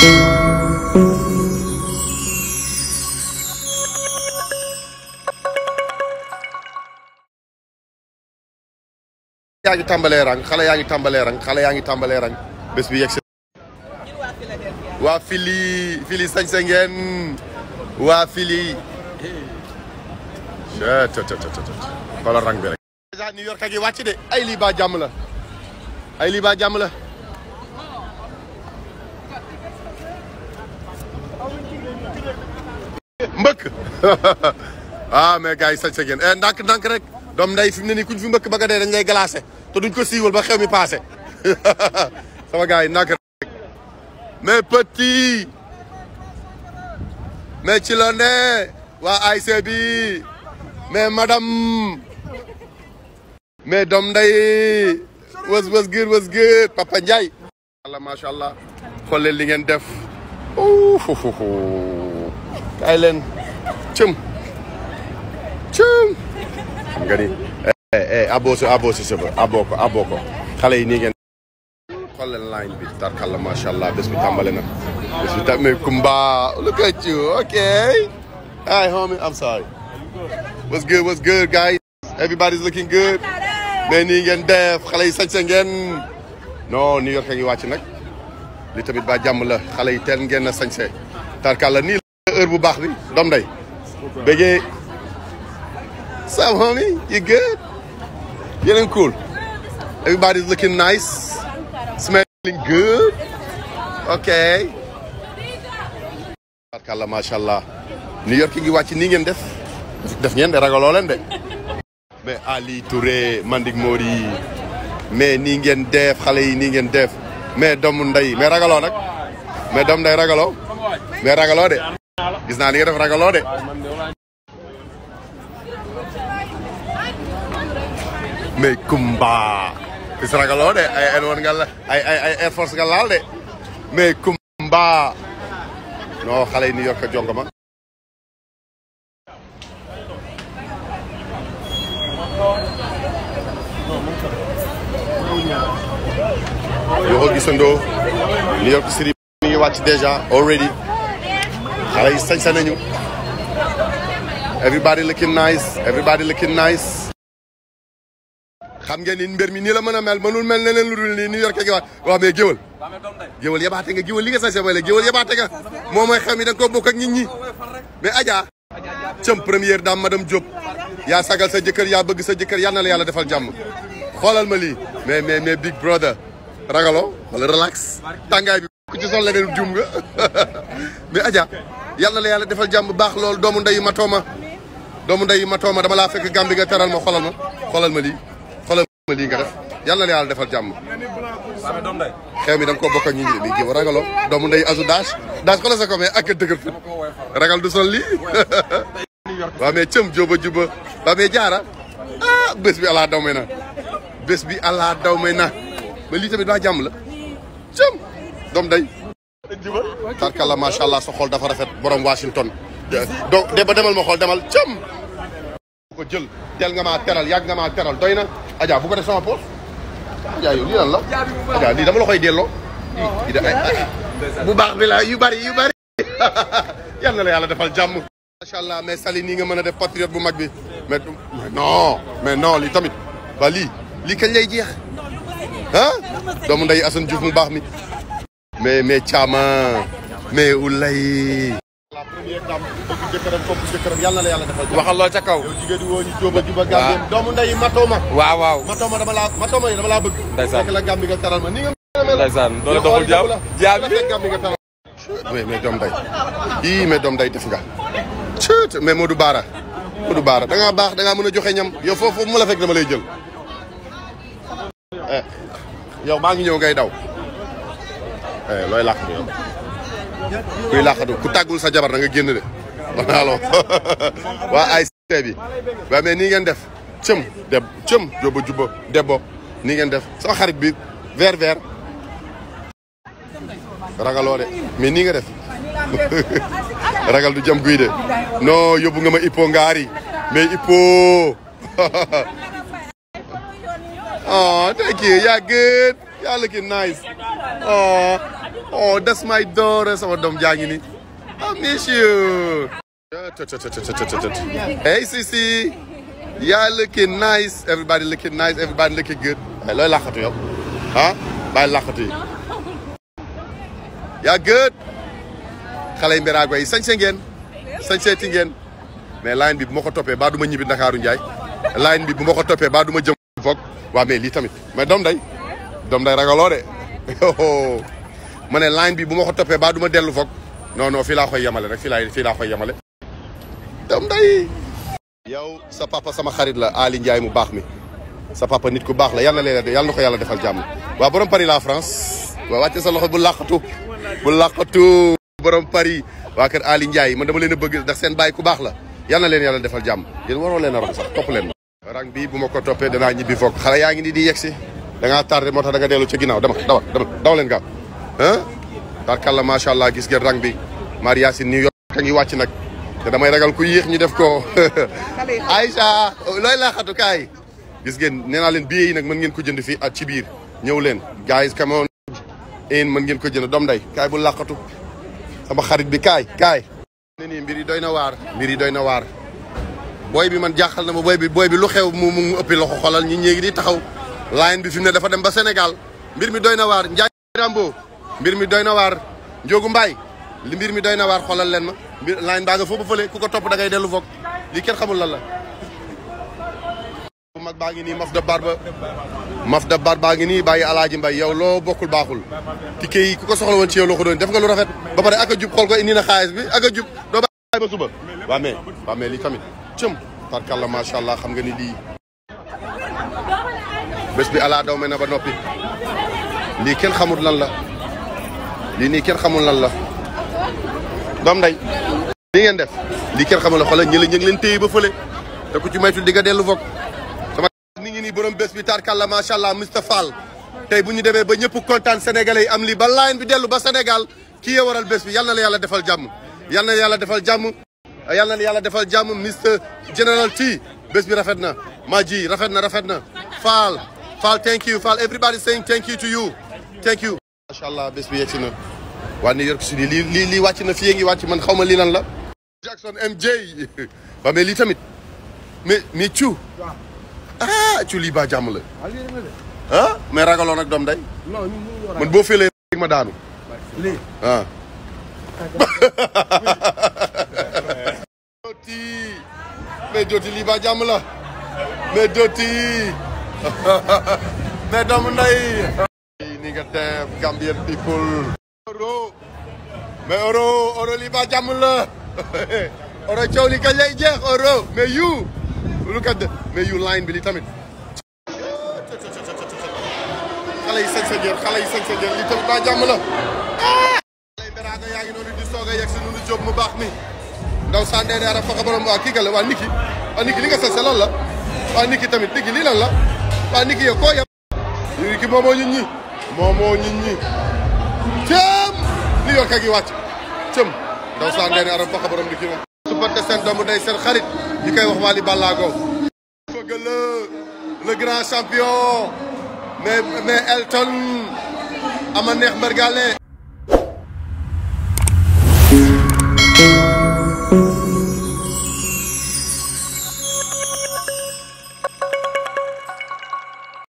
yaa ngi tàmbalee yaa ngi tàmbalee rang xale yaa ngi tàmbalee rang bés bi yegg si waa fili fili sañse waa fili xoolal rang bi New York ak yi wàcc de ay lii baa jàmm la ay lii baa jàmm la ah mais gars yi sañ sa génn eh, ndànk ndànk rek doom nday fi ne nii kuñ fi mbëkk ba nga dee dañ lay glacé te duñ ba xew mi passé sama gars yi ndànk rek mais petit ci la waa ASC bi mais madame mais doom nday was was gër was gër Papa Ndiaye allah macha allah xool leen li ngeen def leen cëm cëm xam nga ni abo sa abo sa sëfa abo xale yi nii ngeen xool leen line bi tarkal la allah bés bi na bés bi tàmbale kumba look you okay hi looking good mais nii ngeen def xale yi sañse ngeen non New York a ngi wàcc nag li tamit ba jàmm la xale yi teel ngeen na sañse tarkal la nii la heure bu baax bi Bégé. What's up, homie? You good? Feeling cool. Everybody's looking nice. Smelling good. Okay. barkalla macha allah. New York ngi wàcc nii ngeen def. def ngeen de ragaloo leen de. mais Ali Touré Mandik Mori mais nii ngeen def xale yi nii ngeen def mais doomu ndey mais ragaloo nag mais doomu ndey ragaloo ragaloo de gis naa li nga ragaloo de. mais Kumba. is ragaloo de ay ay woon nga la ay ay ay air force nga laal de mais Kumba. non xale yi New York a jongoma yoo ko gisandoo New York City mi ngi wàcc déjà already xale yi sañ-sañ nañu everybody looking nice everybody looking nice xam ngeen ni mbir mi nii la mën a mel mënul mel ne leen lu dul nii New York ak waat waaw mais géwal géwal yabaate nga géwal li nga sañ wala géwal yabaate nga moo mooy xam yi da ko bokk ak ñi mais Adja cëm première dame dam Diop yaa sagal sa jëkkër yaa bëgg sa jëkkër yal na la yàlla defal jàmm xoolal ma lii mais mais mais big brother ragalo wala relax tàngaay bi ku ci sol leneen juum nga mais Adja yal na la yàlla defal jàmm baax lool doomu ndeyu ma doom doomu ndeyu ma tooma dama laa fekk gàmbi nga teral ma xoolal ma xoolal ma lii lii nga def yàlla na yàlla defal jàmm xew mi da ko bokk ak ñu ñu mi gi ragalo doomu ndey asu daas ko la sa ko ragal du sol lii waaw mais cëm jóoba juba waaw mais jaara ah bi alaa daw may na bés bi alaa daw may na ba lii tamit baa jàmm la cëm doom day tarkalla macha allah sa xool dafa rafet borom Washington donc de ba demal ma xool demal cëm jël teel nga ma teral yàgg nga maa teral doy na Adja bu ko def sama poos Adja yow lii lan la Adja lii dama la koy oh, bu baax bi la yu bari yu bari yal na la yàlla defal jàmm macha allah mais Saly nii nga mën a def patriote bu mag bi mais non mais non lii tamit ba lii lii kañ lay jeex ah doomu nday Assane Diouf mu baax mi mais mais caama mais ulay ni yàlla la yàlla ca kaw yow jigéen di woo ñu doomu ndey matoma waaw waaw matoma dama laa matoma yi dama laa bëgg ndeysaan fekk la gàmbi nga taral ma ni nga mel ndeysaan doole doxul jaam jaam yi gàmbi nga doom day ii mais doom day def nga cëët mais Modou Bara Modou Bara da ngaa baax da ngaa mën a joxe ñam yow foofu mu la fekk dama lay jël eh, yow maa ngi ñëw ngay daw eh, looy làkk yow kuy laaxatu ku tàggul sa jabar da nga génn de wax naa la waa ASC bi waaw mais nii ngeen def cëm deb cëm debbo nii ngeen def sama xarit bi ver ver ragaloo de mais nii nga def ragal du jam guy de non yóbbu nga ma ippo ngaari mais ippo oh ah, thank you yaa gën yàlla ki nice ah. oh that's my daughter sama doom jaa ngi ni I miss you. hey Sisi. yaa looking nice everybody looking nice everybody looking good looy laqatu yow ah bàyyi laqatu yi. yaa good. xale yi Mbiragwa yi sañse ngeen. sañseeti ngeen. mais line bi bu ma ko toppee ba du ma ñibbi Ndakaaru Ndiaye. line bi bu ma ko toppee ba du ma jëm. foog waaw mais lii tamit mais doom day. doom day ragaloo de. Oh, oh. ma ne line bi bu ma ko toppee baa duma dellu foog non non fii laa koy yemale rek fii laay fii laa koy yemale. dam sa papa sama xarit la Ali Ndiaye mu baax mi sa papa nit ku baax la yàlla na yàlla ko yàlla defal jàmm waaw borom Paris la France waaw wàcce sa loxo bu làqatu bu làqatu borom Paris waa kër Ali Ndiaye man dama leen a bëgg ndax seen baay ku baax la yàlla na leen yàlla defal jàmm yéen waroo leen a rang sax topp leen ma rang bi bu ma ko toppee danaa ñibbi foog xale yaa ngi nii di yegsi da ngaa tardé moo tax da nga dellu ca ginnaaw dama dawal dama daw leen gaaw ah tarkalla macha allah gis ngeen rang bi Maria Sy New York a ngi wàcc nag te damay ragal ku yéex ñu def ko Aïcha looy laaxatu kaay gis ngeen nee naa leen billets yi nag man ngeen ko jënd fii ah, ci biir ñëw leen guys come on in mën ngeen ko jënd doom day kaay bu laaxatu sama xarit bi kaay kaay ne nii mbir yi doy na waar mbir yi doy na waar booy bi man jaaxal na ma booy bi booy bi lu xew mu mu ëppi loo xoolal ñi ñéegi di taxaw line bi fi ne dafa dem ba Sénégal mbir mi doy na waar Ndiaye mbir mi doy na waar Ndiogu Mbaye li mbir mi doy na waar xoolal leen ma mbir line baa nga foofu fële ku ko topp da ngay dellu foog lii kenn xamul lan la. bu mag baa ngi nii maf da bar ba baa ngi nii bàyyi alaaji mbay yow loo bokkul baaxul ticket yi ko soxla woon ko doon def nga lu rafet ba pare ak a jub xool ko indi na xaalis bi ak a jub doo bàyyi ba suba waa mais waa mais lii tamit cëm tarkalla macha allah xam nga ni lii bés bi alaa daw me na ba noppi lii kenn xamul lan la lii nii kenn xamul lan la doom day li ngeen def lii kenn xamul la xoolal ñi la ñu ngi leen ba fële te ku ci maytul di nga dellu foog sama nit ñi nii borom bés bi tarkalla macha allah Moustapha Fall tey bu ñu demee ba ñëpp kontaan sénégalais am lii ba line bi dellu ba senegal ki ya waral bés bi yal na la yàlla defal jàmm yal na la yàlla defal jàmm yal la yàlla defal jàmm Mister General T bés bi rafet na Madji rafet na rafet na Fall Fall thank you Fall everybody saying thank you to macha allah bés bi yegg waa New York City lii lii lii wàcc na fii ngi wàcc man xaw ma lii lan la. Jackson MJ waaw mais tamit mais mais Thiou. ah Thiou lii ba jàmm la. ah mais ragaloo doom day. man boo feelee ma daanu. lii ah. Doty matin Gambian people. euro mais euro euro li ba jàmm la euro coow li jeex euro mais you look at bi li tamit. xale yi sañ sa jër xale yi sañ ba jàmm la. xale yi mberaaka yaa ngi noonu di soog a yegg si nunu jóob mu baax mi ndaw sànnee daara fa borom waa kii ka la niki waa niki li nga la waa niki tamit niki lii lan la waa niki yow koo yem. niki moomoo ñun moomoo nit ñi cëm New York a ngi wàcc cëm ndaw saa ngeen aram fa xabaram di kii moom su barke xarit ñi wax Wally Ballago fëgg le grand champion mais Elton ama neex mbergale